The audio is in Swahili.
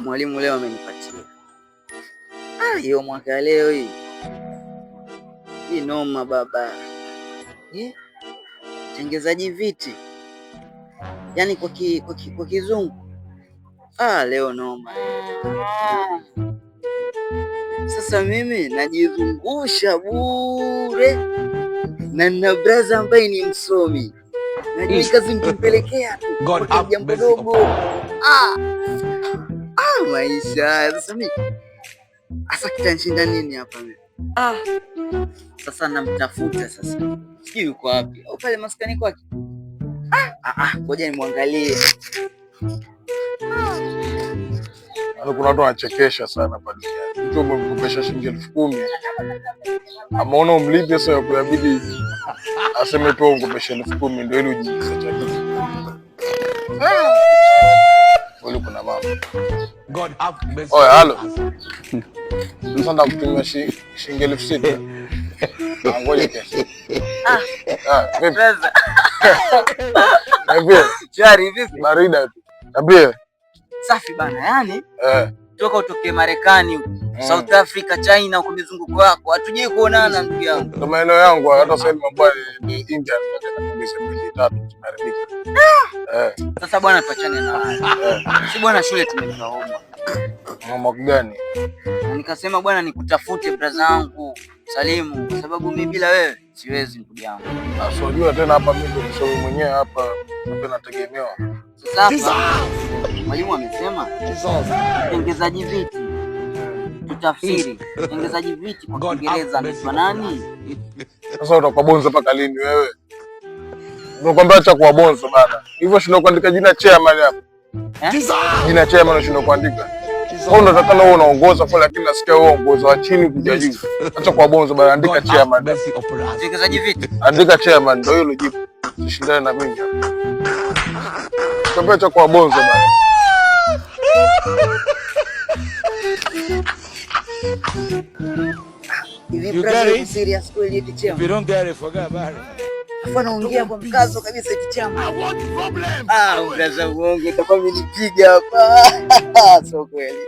mwalimu leo amenipatia ah, hiyo mwaka leo hii hii noma baba, Tengezaji viti yaani kwa, ki, kwa, ki, kwa kizungu ah, leo noma Sasa mimi najizungusha bure na na braza ambaye ni msomi, najui kazi mkimpelekea tu jambo dogo ah maisha sasa mimi hasa kitanishinda nini hapa mimi? Ah, sasa namtafuta sasa, sijui yuko wapi au pale maskani kwake. Ah, ah, ah ngoja nimwangalie. Yaani kuna watu wanachekesha sana pale. Mtu umemkopesha shilingi elfu kumi ameona umlipe sasa, kuyabidi aseme tu umkopesha elfu kumi ndio ili ujiingize. God have mercy. Oye, halo. Msanda kutumia shilingi elfu sita. Ngoja kesho. Ah, ah vipi? Nabie. Chari hivi barida tu. Nabie. Safi bana, yani. Eh. Toka utoke Marekani huko. South Africa, China, kwa mizunguko wako hatujai kuonana ndugu yangu. Ndio maeneo yangu hata sasa hivi mambo ni India ah! eh. sasa bwana, tuachane na hayo. Eh. Si bwana, shule tumeniaoma mama gani? Nikasema bwana, nikutafute braza yangu Salimu, kwa sababu mimi bila wewe siwezi ndugu yangu. Ah, unajua tena hapa mimi ndio msomi mwenyewe hapa, nategemewa. Sasa mwalimu amesema ongezaji viti kutafsiri utengenezaji viti kwa Kiingereza anaitwa nani? Sasa utakuwa bonzo mpaka lini wewe? Nakwambia acha kuwa bonzo bana. Hivyo shindo kuandika jina chairman hapo. Eh? Jina chairman unashinda kuandika. Wewe ndo utakana wewe unaongoza kwa lakini nasikia wewe uongoza wa chini kuja juu. Acha kwa bonzo bana, andika chairman. Utengenezaji viti. Andika chairman ndio hilo jibu. Ushindane na mimi. Nakwambia acha kwa bonzo bana. Anaongea kwa mkazo kabisa kichama. Ah, ungaza uongo, itakuwa minipiga hapa. Sio kweli.